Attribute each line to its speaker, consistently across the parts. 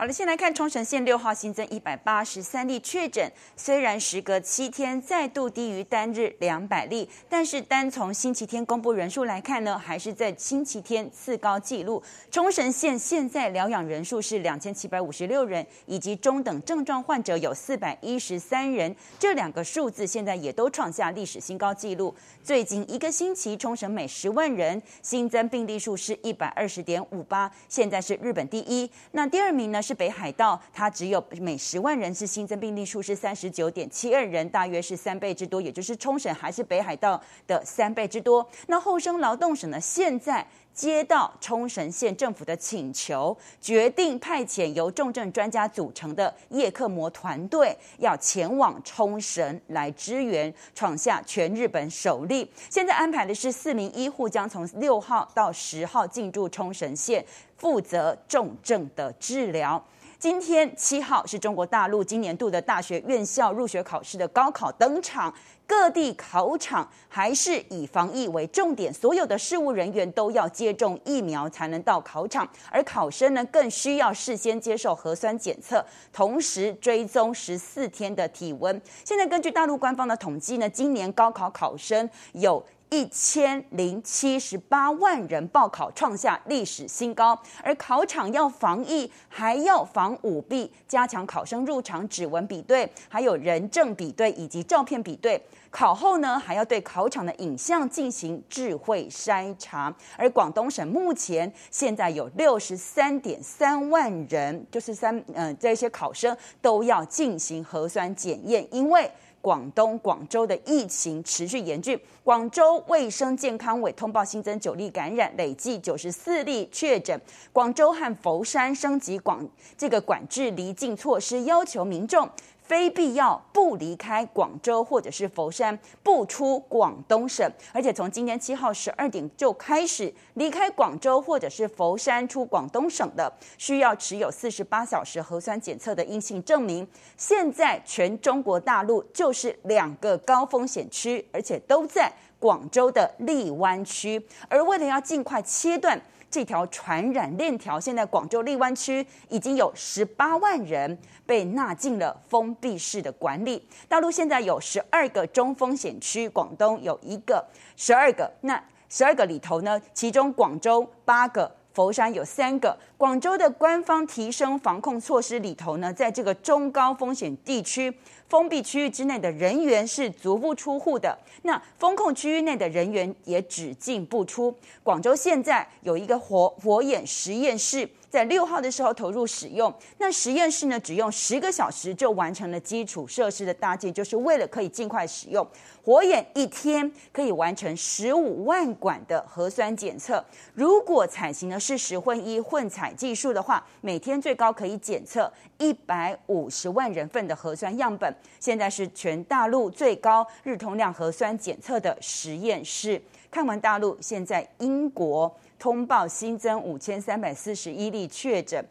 Speaker 1: 好了，先來看沖繩縣六號新增一百八十三例確診，雖然時隔七天再度低於單日兩百例，但是單從星期天公布人數來看呢，還是在星期天次高紀錄。沖繩縣現在療養人數是兩千七百五十六人，以及中等症狀患者有四百一十三人，這兩個數字現在也都創下歷史新高紀錄。最近一個星期，沖繩每十萬人新增病例數是一百二十點五八，現在是日本第一。那第二名呢？是北海道，它只有每十萬人是新增病例數是三十九點七二人，大約是三倍之多，也就是沖繩還是北海道的三倍之多。那厚生勞動省呢？現在。接到沖繩縣政府的請求，決定派遣由重症專家組成的葉克膜團隊，要前往沖繩來支援，創下全日本首例。現在安排的是四名醫護將從六號到十號進駐沖繩縣，負責重症的治療。今天七號是中國大陸今年度的大學院校入學考試的高考登場，各地考場還是以防疫為重點，所有的試務人員都要接種疫苗才能到考場，而考生呢更需要事先接受核酸檢測，同時追蹤十四天的體溫。現在根據大陸官方的統計呢，今年高考考生有。一千零七十八萬人報考，創下歷史新高。而考場要防疫，還要防舞弊，加強考生入場指紋比對，還有人證比對以及照片比對。考後呢，還要對考場的影像進行智慧篩查。而廣東省目前現在有六十三點三萬人，就是三嗯、呃、這些考生都要進行核酸檢驗，因為。廣東廣州的疫情持續嚴峻，廣州衛生健康委通報新增九例感染，累計九十四例確診。廣州和佛山升級廣這個管制離境措施，要求民眾。非必要不離開廣州或者是佛山，不出廣東省。而且從今天七號十二點就開始，離開廣州或者是佛山出廣東省的，需要持有四十八小時核酸檢測的陰性證明。現在全中國大陸就是兩個高風險區，而且都在廣州的荔灣區。而為了要盡快切斷。這條傳染鏈條，現在廣州荔灣區已經有十八萬人被納進了封閉式的管理。大陸現在有十二個中風險區，廣東有一個，十二個。那十二個裡頭呢，其中廣州八個，佛山有三個。廣州的官方提升防控措施裡頭呢，在這個中高風險地區。封閉區域之內的人員是足不出戶的。那封控區域內的人員也只進不出。廣州現在有一個火火眼實驗室，在六號的時候投入使用。那實驗室呢，只用十個小時就完成了基礎設施的搭建，就是為了可以儘快使用。火眼一天可以完成十五萬管的核酸檢測。如果採行的是十混一混採技術的話，每天最高可以檢測一百五十萬人份的核酸樣本。現在是全大陸最高日通量核酸檢測的實驗室。看完大陸，現在英國通報新增五千三百四十一例確診，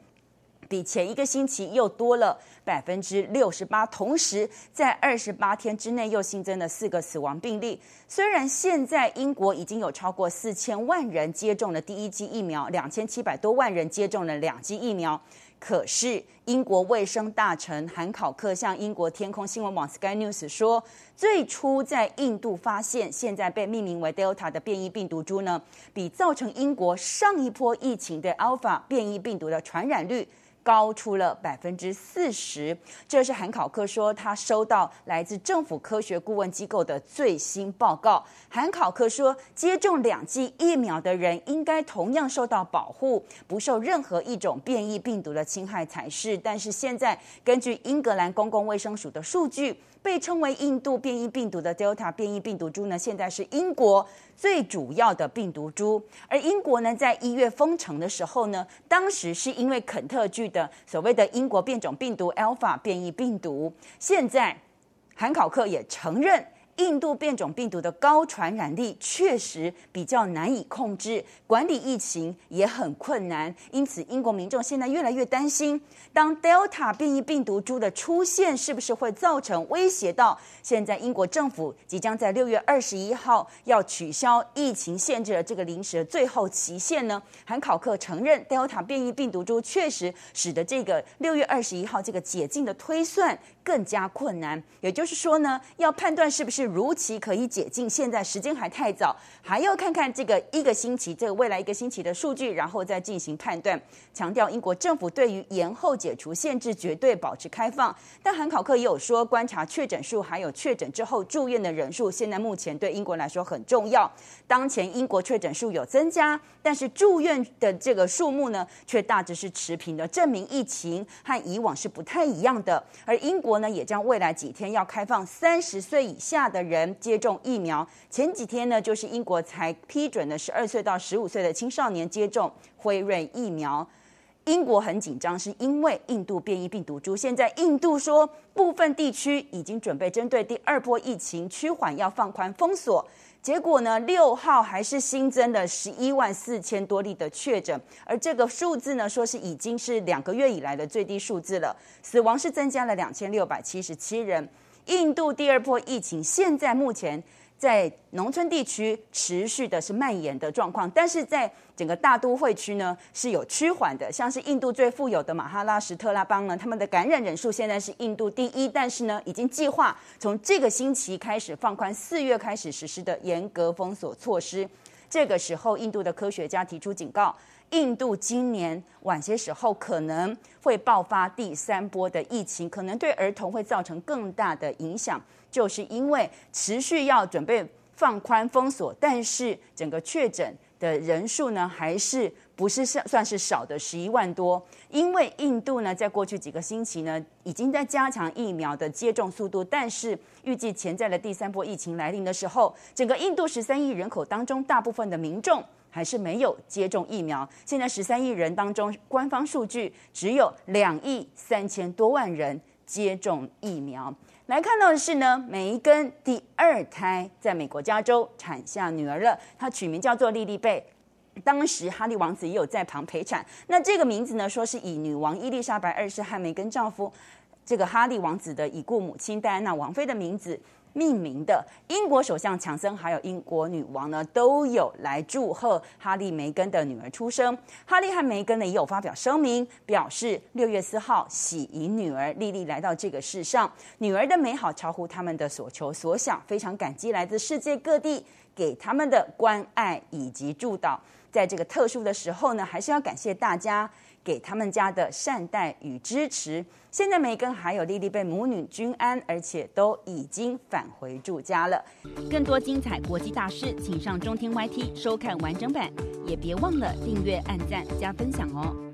Speaker 1: 比前一個星期又多了百分之六十八。同時，在二十八天之內又新增了四個死亡病例。雖然現在英國已經有超過四千萬人接種了第一劑疫苗，兩千七百多萬人接種了兩劑疫苗。可是，英國衛生大臣韓考克向英國天空新聞網 Sky News 說，最初在印度發現、現在被命名為 Delta 的變異病毒株呢，比造成英國上一波疫情的 Alpha 變異病毒的傳染率高出了百分之四十。這是韓考克說，他收到來自政府科學顧問機構的最新報告。韓考克說，接種兩劑疫苗的人應該同樣受到保護，不受任何一種變異病毒的侵害才是，但是現在根據英格蘭公共衛生署的數據，被稱為印度變異病毒的 Delta 變異病毒株呢，現在是英國最主要的病毒株。而英國呢，在一月封城的時候呢，當時是因為肯特郡的所謂的英國變種病毒 Alpha 變異病毒。現在韓考克也承認。印度變種病毒的高傳染力確實比較難以控制，管理疫情也很困難，因此英國民眾現在越來越擔心，當 Delta 變異病毒株的出現，是不是會造成威脅到現在英國政府即將在六月二十一號要取消疫情限制的這個臨時的最後期限呢？韓考克承認，Delta 變異病毒株確實使得這個六月二十一號這個解禁的推算更加困難。也就是說呢，要判斷是不是。如期可以解禁，現在時間還太早，還要看看這個一個星期，這個未來一個星期的數據，然後再進行判斷。強調英國政府對於延後解除限制絕對保持開放，但韓考克也有說，觀察確診數還有確診之後住院的人數，現在目前對英國來說很重要。當前英國確診數有增加，但是住院的這個數目呢，卻大致是持平的，證明疫情和以往是不太一樣的。而英國呢，也將未來幾天要開放三十歲以下的。人接種疫苗，前幾天呢，就是英國才批准的，十二歲到十五歲的青少年接種輝瑞疫苗。英國很緊張，是因為印度變異病毒株。現在印度說，部分地區已經準備針對第二波疫情趨緩，要放寬封鎖。結果呢，六號還是新增了十一萬四千多例的確診，而這個數字呢，說是已經是兩個月以來的最低數字了。死亡是增加了兩千六百七十七人。印度第二波疫情現在目前在農村地區持續的是蔓延的狀況，但是在整個大都會區呢是有趨緩的。像是印度最富有的馬哈拉什特拉邦呢，他們的感染人數現在是印度第一，但是呢已經計劃從這個星期開始放寬四月開始實施的嚴格封鎖措施。這個時候，印度的科學家提出警告。印度今年晚些時候可能會爆發第三波的疫情，可能對兒童會造成更大的影響，就是因為持續要準備放寬封鎖，但是整個確診的人數呢，還是不是算算是少的十一萬多。因為印度呢，在過去幾個星期呢，已經在加強疫苗的接種速度，但是預計潛在的第三波疫情來臨的時候，整個印度十三億人口當中，大部分的民眾。還是沒有接種疫苗。現在十三億人當中，官方數據只有兩億三千多萬人接種疫苗。來看到的是呢，梅根第二胎在美國加州產下女兒了，她取名叫做莉莉貝。當時哈利王子也有在旁陪產。那這個名字呢，說是以女王伊麗莎白二世和梅根丈夫這個哈利王子的已故母親戴安娜王妃的名字。命名的。英國首相強森還有英國女王呢，都有來祝賀哈利、梅根的女兒出生。哈利和梅根呢，也有發表聲明，表示六月四號喜迎女兒莉莉來到這個世上。女兒的美好超乎他們的所求所想，非常感激來自世界各地給他們的關愛以及祝禱。在這個特殊的時候呢，還是要感謝大家。給他們家的善待與支持。現在梅根還有莉莉貝母女均安，而且都已經返回住家了。更多精彩國際大師，請上中天 YT 收看完整版，也別忘了訂閱、按讚、加分享哦。